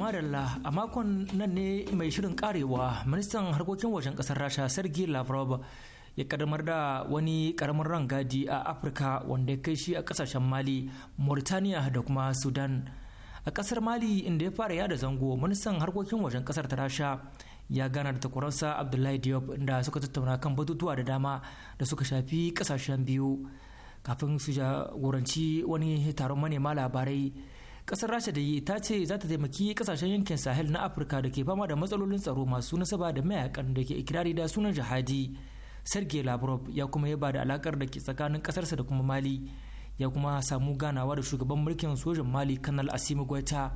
madalla a makon nan ne mai shirin karewa ministan harkokin wajen kasar rasha sergei lavrov ya karamar da wani karamin rangadi a afirka wanda ya kai shi a kasashen mali mauritaniya da kuma sudan a kasar mali inda ya fara yada zango ministan harkokin wajen kasar ta rasha ya gana da takwaransa abdullahi diop da suka tattauna kan batutuwa da dama da suka shafi kasashen biyu kafin su jagoranci wani taron manema labarai kasar rasha da yi ta ce za ta taimaki kasashen yankin sahel na afirka da ke fama da matsalolin tsaro masu nasaba da mayakan da ke ikirari da sunan jihadi sergei lavrov ya kuma ya da alakar da ke tsakanin kasarsa da kuma mali ya kuma samu ganawa da shugaban mulkin sojan mali kanal asimi gwaita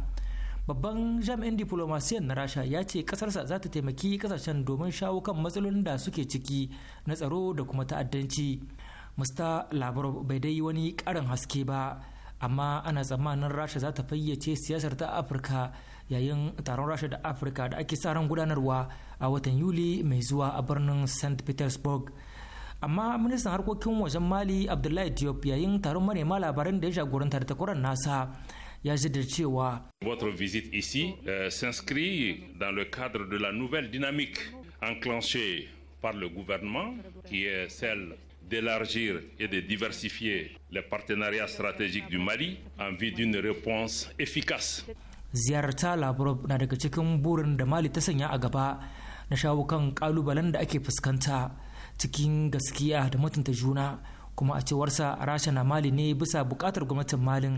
babban jami'in diplomasiyan na rasha ya ce kasarsa za ta taimaki kasashen domin shawo kan matsalolin da suke ciki na tsaro da kuma ta'addanci mista lavrov bai dai wani karin haske ba amma ana tsammanin rasha za ta fayyace siyasar ta afirka yayin taron rasha da afirka da ake sa ran gudanarwa a watan yuli mai zuwa a birnin st petersburg amma ministan harkokin wajen mali abdullahi diop yayin taron manema labaran da ya jagoranta da takwarar nasa ya ji da cewa votre visite ici euh, s'inscrit dans le cadre de la nouvelle dynamique enclenchée par le gouvernement qui est celle d'élargir et de diversifier les partenariats stratégiques du Mali en vue d'une réponse efficace. Ziyarta Lavrov na daga cikin burin da Mali ta sanya a gaba na shawo kan kalubalen da ake fuskanta cikin gaskiya da mutunta juna kuma a cewarsa Rasha na Mali ne bisa bukatar gwamnatin mali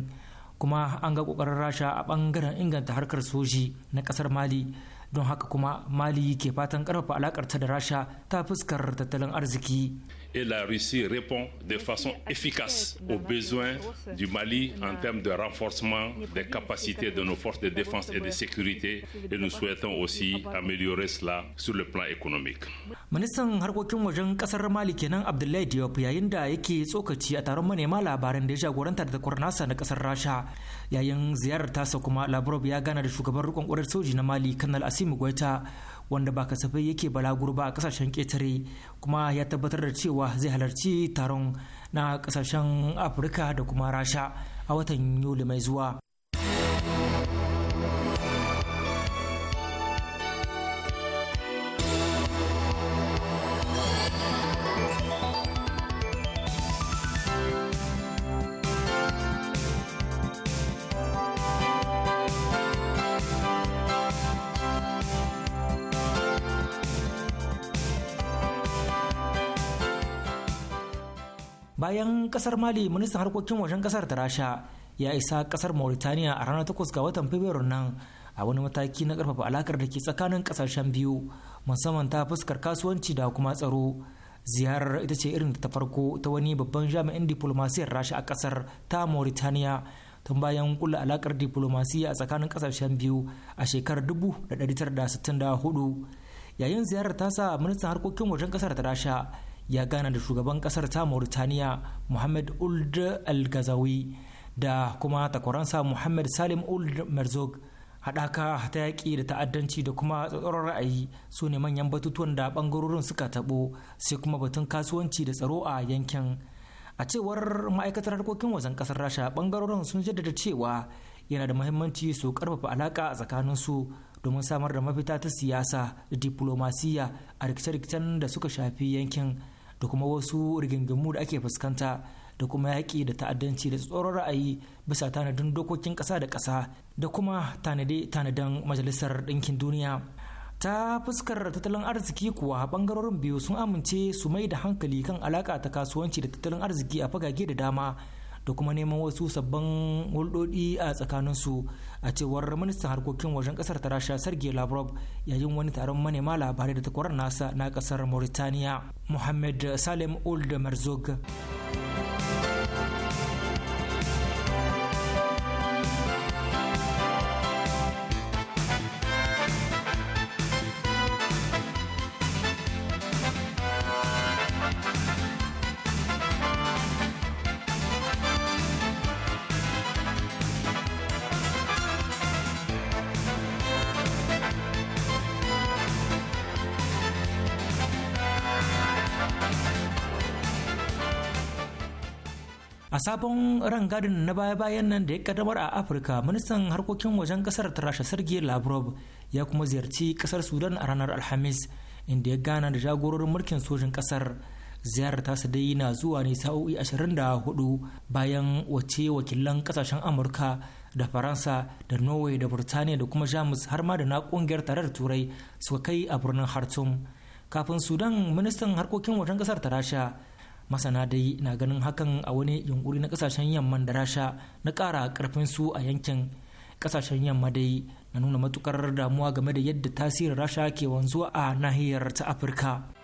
kuma an ga kokarin Rasha a bangaren inganta harkar soji na kasar Mali don haka kuma Mali ke fatan karfafa alakar ta da Rasha ta fuskar tattalin arziki. et la Russie répond de façon efficace aux besoins du Mali en termes de renforcement des capacités de nos forces de défense et de sécurité et nous souhaitons aussi améliorer cela sur le plan économique. wanda ba kasafai yake balagur ba a kasashen ƙetare kuma ya tabbatar da cewa zai halarci taron na kasashen afirka da kuma rasha a watan yuli mai zuwa kasar mali ministan harkokin wajen kasar ta rasha ya isa kasar mauritaniya a ranar 8 ga watan fabrairu nan a wani mataki na karfafa alakar da ke tsakanin kasashen biyu musamman ta fuskar kasuwanci da kuma tsaro ziyarar ita ce irin ta farko ta wani babban jami'in diplomasiyar rasha a kasar ta mauritaniya tun bayan kula alakar diplomasiyya a tsakanin kasashen biyu a shekarar 1964 yayin ziyarar ta tasa ministan harkokin wajen kasar ta rasha ya gana da shugaban kasar ta mauritaniya muhammad uld al-gazawi da kuma takwaransa muhammad salim uld merzog haɗaka ta yaƙi da ta'addanci da kuma tsatsarar ra'ayi su ne manyan batutuwan da ɓangarorin suka taɓo sai kuma batun kasuwanci da tsaro a yankin a cewar ma'aikatar harkokin wajen ƙasar rasha ɓangarorin sun jaddada cewa yana da muhimmanci su ƙarfafa alaƙa a tsakanin su domin samar da mafita ta siyasa da diplomasiya a rikice-rikicen da suka shafi yankin da kuma wasu rigingimu da ake fuskanta da kuma yaƙi da ta'addanci da tsoron ra'ayi bisa tanadin dokokin ƙasa da ƙasa da kuma tanadan majalisar ɗinkin duniya ta fuskar tattalin arziki kuwa bangarorin biyu sun amince su mai da hankali kan alaƙa ta kasuwanci da tattalin arziki a fagage da dama da kuma neman wasu sabbin hulɗoɗi a tsakanin su a cewar ministan harkokin wajen kasar ta rasha sergei lavrov yayin wani taron manema labarai da takwarar nasa na kasar mauritania mohammed salem old marzog sabon rangadin na baya-bayan nan da ya kadamar a afirka ministan harkokin wajen kasar rasha sergei lavrov ya kuma ziyarci kasar sudan a ranar alhamis inda ya gana da jagororin mulkin sojin kasar ziyarar tasa dai na zuwa ne sa'o'i 24 bayan wace wakilan kasashen amurka da faransa da norway da burtaniya da kuma jamus har ma da na kungiyar tarar turai suka kai a birnin hartum kafin sudan ministan harkokin wajen kasar ta rasha masana dai na ganin hakan a wani yunkuri na kasashen yamma da rasha na ƙara karfin su a yankin kasashen yamma dai na nuna matukar damuwa game da yadda tasirin rasha ke wanzuwa a nahiyar ta afirka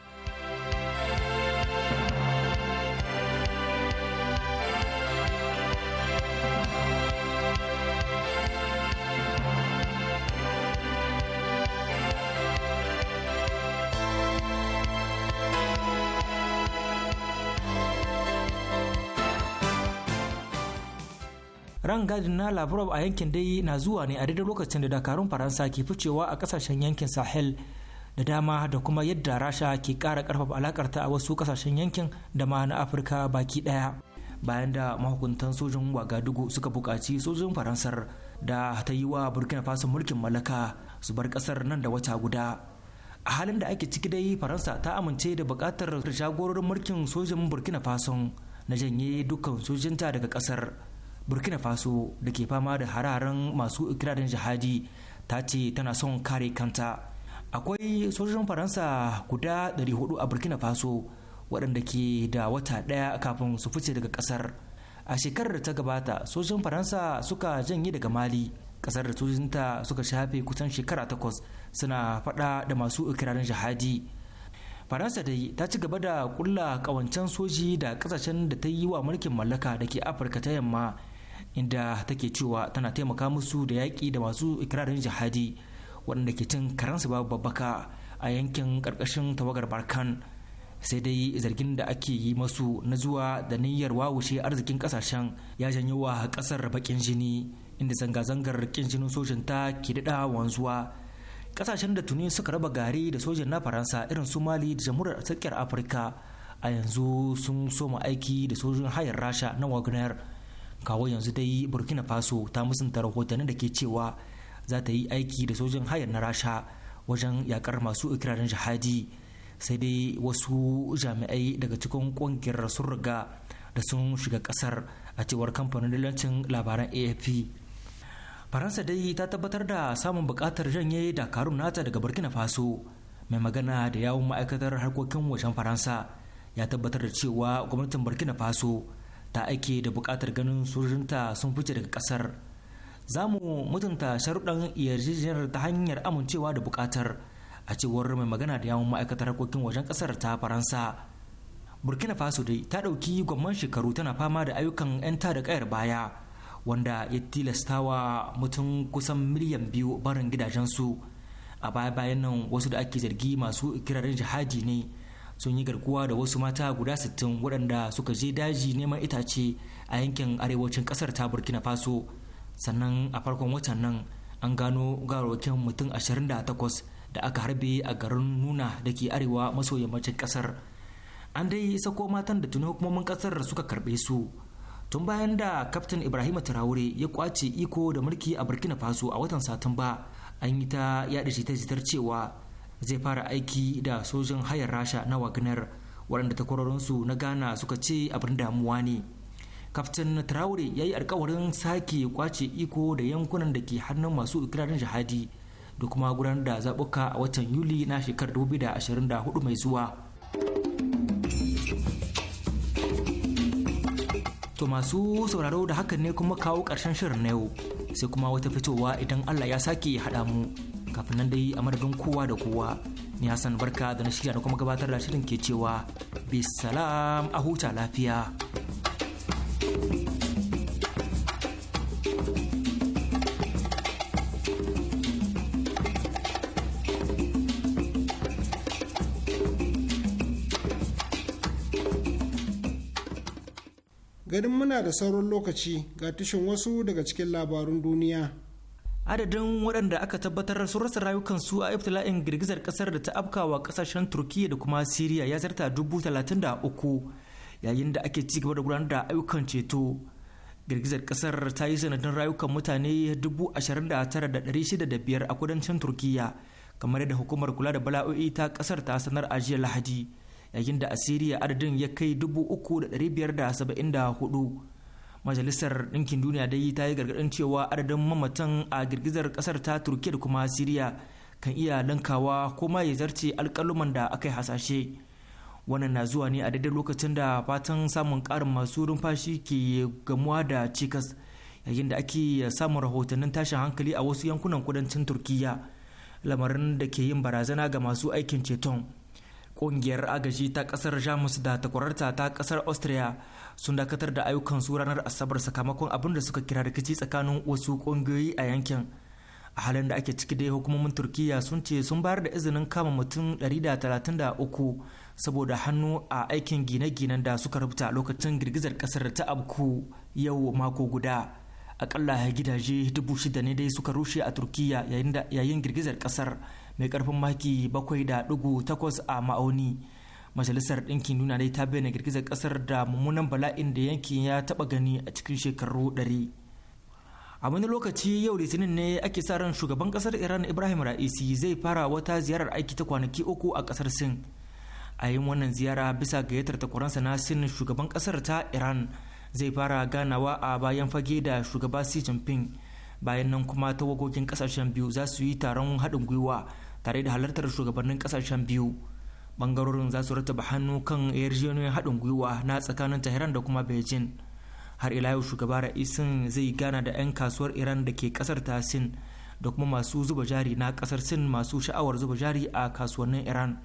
rangadin na lavrov a yankin dai na zuwa ne a daidai lokacin da dakarun faransa ke ficewa a kasashen yankin sahel da dama da kuma yadda rasha ke kara karfafa alakarta a wasu kasashen yankin da ma na afirka baki daya bayan da mahukuntan sojin wagadugu suka bukaci sojin faransar da ta yi wa burkina faso mulkin mallaka su bar kasar nan da wata guda a halin da ake ciki dai faransa ta amince da buƙatar jagororin mulkin sojin burkina faso na janye dukkan sojinta daga kasar. burkina faso da ke fama da hararen masu ikirarin jihadi ta ce tana son kare kanta akwai sojojin faransa guda 400 a burkina faso waɗanda ke da wata ɗaya kafin su fice daga ƙasar a shekarar da ta gabata sojojin faransa suka janye daga mali ƙasar da sojojinta suka shafe kusan shekara takwas suna faɗa da masu ikirarin jihadi faransa dai ta ci gaba da kulla kawancen soji da kasashen da ta yi wa mulkin mallaka da ke afirka ta yamma inda take cewa tana taimaka musu da yaƙi da masu ikirarin jihadi waɗanda ke cin karansu babu babbaka a yankin ƙarƙashin tawagar barkan sai dai zargin da ake yi masu na zuwa da niyyar wawushe arzikin ƙasashen ya janyo wa ƙasar baƙin jini inda zanga-zangar ƙin jinin sojin ta ke daɗa wanzuwa ƙasashen da tuni suka raba gari da sojin na faransa irin su mali da jamhuriyar tsakiyar afirka a yanzu sun soma aiki da sojin hayar rasha na wagner kawo yanzu dai burkina faso ta musanta rahotanni da ke cewa za ta yi aiki da sojin hayar na rasha wajen yakar masu ikirarin jihadi sai dai wasu jami'ai daga cikin kungiyar sun riga da sun shiga kasar a cewar kamfanin dalancin labaran afp faransa dai ta tabbatar da samun bukatar janye dakarun nata daga burkina faso mai magana da yawon ma'aikatar harkokin wajen faransa ya tabbatar da cewa gwamnatin burkina faso ta ake da buƙatar ganin ta sun fice daga ƙasar za mu mutunta sharuɗan yarjejeniyar ta hanyar amincewa da buƙatar a cewar mai magana da yawon ma'aikatar harkokin wajen ƙasar ta faransa burkina faso dai ta ɗauki gwamman shekaru tana fama da ayyukan 'yan ta da ƙayar baya wanda ya tilastawa mutum kusan miliyan biyu barin gidajensu a baya bayan nan wasu da ake zargi masu ikirarin jihadi ne sun yi garkuwa da wasu mata guda 60 waɗanda suka je daji neman itace a yankin arewacin ƙasar ta burkina faso sannan a farkon watan nan an gano gawarwakin mutum 28 da aka harbe a garin nuna da ke arewa maso yammacin ƙasar an dai sako matan da tuni hukumomin ƙasar suka karɓe su tun bayan da kaftin ibrahim traore ya kwace iko da mulki a burkina faso a watan satumba an yi ta yaɗa jita-jitar cewa zai fara aiki da sojin hayar rasha na wagner waɗanda takwarorinsu na ghana suka ce abin damuwa ne kaftin traore ya yi alkawarin sake kwace iko da yankunan da ke hannun masu ikirarin jihadi da kuma gudanar da zaɓuka a watan yuli na shekarar 2024 mai zuwa to masu sauraro da hakan ne kuma kawo karshen shirin na yau sai kuma wata fitowa idan allah ya sake haɗa mu kafin nan dai a madadin kowa da kowa ni hassan barka da na shirya da kuma gabatar da shirin ke cewa bisalam a huta lafiya ganin muna da sauran lokaci ga tushen wasu daga cikin labarun duniya adadin waɗanda aka tabbatar sun rasa rayukansu a iftila'in girgizar ƙasar da ta afkawa ƙasashen turkiyya da kuma siriya ya zarta dubu talatin da uku yayin da ake ci gaba da gudanar da ayyukan ceto girgizar ƙasar ta yi sanadin rayukan mutane dubu ashirin da tara da ɗari shida da biyar a kudancin turkiyya kamar yadda hukumar kula da bala'o'i ta ƙasar ta sanar a jiya lahadi yayin da a siriya adadin ya kai dubu uku da ɗari biyar da saba'in da hudu majalisar ɗinkin duniya dai ta yi gargaɗin cewa adadin mamatan a girgizar ƙasar ta turkiya da kuma siriya kan iya lankawa ko ma ya zarce alƙaluman da aka yi hasashe wannan na zuwa ne a daidai lokacin da fatan samun ƙarin masu rumfashi ke gamuwa da cikas yayin da ake samun rahotannin tashin hankali a wasu yankunan kudancin turkiyya lamarin da ke yin barazana ga masu aikin ceton ƙungiyar agaji ta ƙasar jamus da takwararta ta ƙasar austria sun dakatar da ayyukan su ranar asabar sakamakon abin da suka kira rikici tsakanin wasu kungiyoyi a yankin a halin da ake ciki dai hukumomin turkiyya sun ce sun bayar da izinin kama mutum 133 saboda hannu a aikin gine-ginen da suka rubuta lokacin girgizar kasar ta abku yau mako guda akalla gidaje dubu shida ne dai suka rushe a turkiyya yayin girgizar kasar mai karfin maki 7.8 a ma'auni majalisar ɗinkin duniya dai ta bayyana girgizar ƙasar da mummunan bala'in da yankin ya taɓa gani a cikin shekaru ɗari a wani lokaci yau litinin ne ake sa ran shugaban ƙasar iran ibrahim ra'isi zai fara wata ziyarar aiki ta kwanaki uku a ƙasar sin a yin wannan ziyara bisa gayyatar takwaransa na sin shugaban ƙasar ta iran zai fara ganawa a bayan fage da shugaba xi jinping bayan nan kuma tawagogin ƙasashen biyu za su yi taron haɗin gwiwa tare da halartar shugabannin ƙasashen biyu bangarorin za su rattaba hannu kan yarjejeniyar haɗin gwiwa na tsakanin tehran da kuma beijing har ila yau shugaba ra'isin zai gana da 'yan kasuwar iran da ke kasar ta sin da kuma masu zuba jari na kasar sin masu sha'awar zuba jari a kasuwannin iran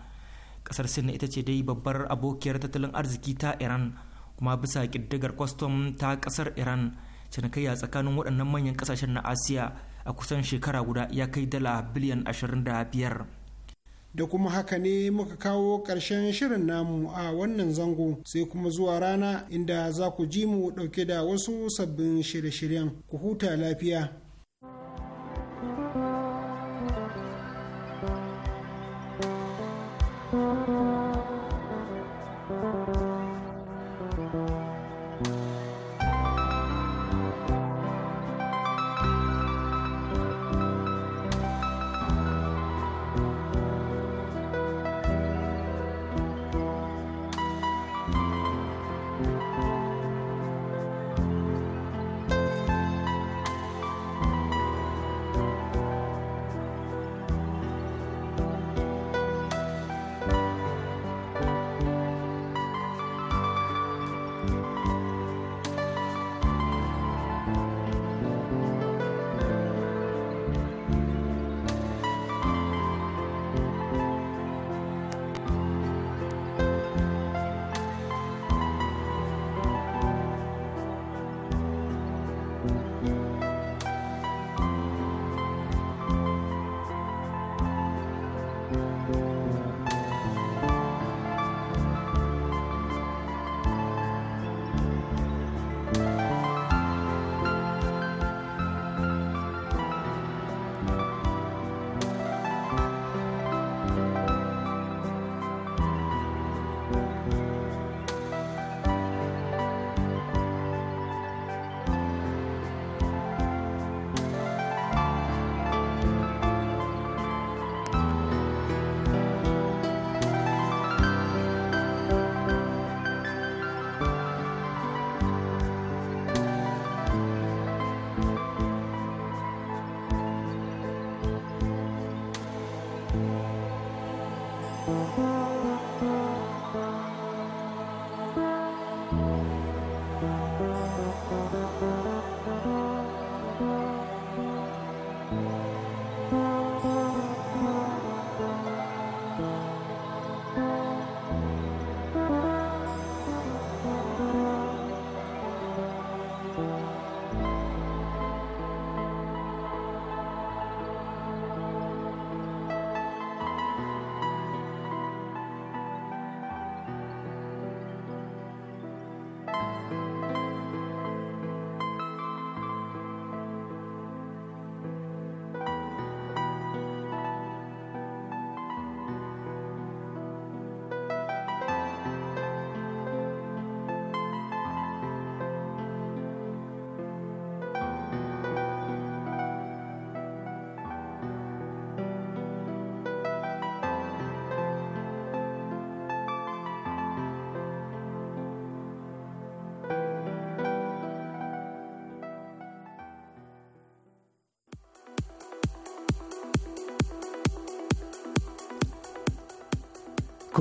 kasar sin ita ce dai babbar abokiyar tattalin arziki ta iran kuma bisa ƙiddigar kwastom ta kasar iran cinikayya tsakanin waɗannan manyan kasashen na asiya a kusan shekara guda ya kai dala biliyan 25 da kuma haka ne muka kawo ƙarshen shirin namu a wannan zango sai kuma zuwa rana inda za ku ji mu ɗauke da wasu sabbin shirye-shiryen ku huta lafiya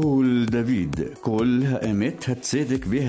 קול דוד, קול האמת, הצדק וה...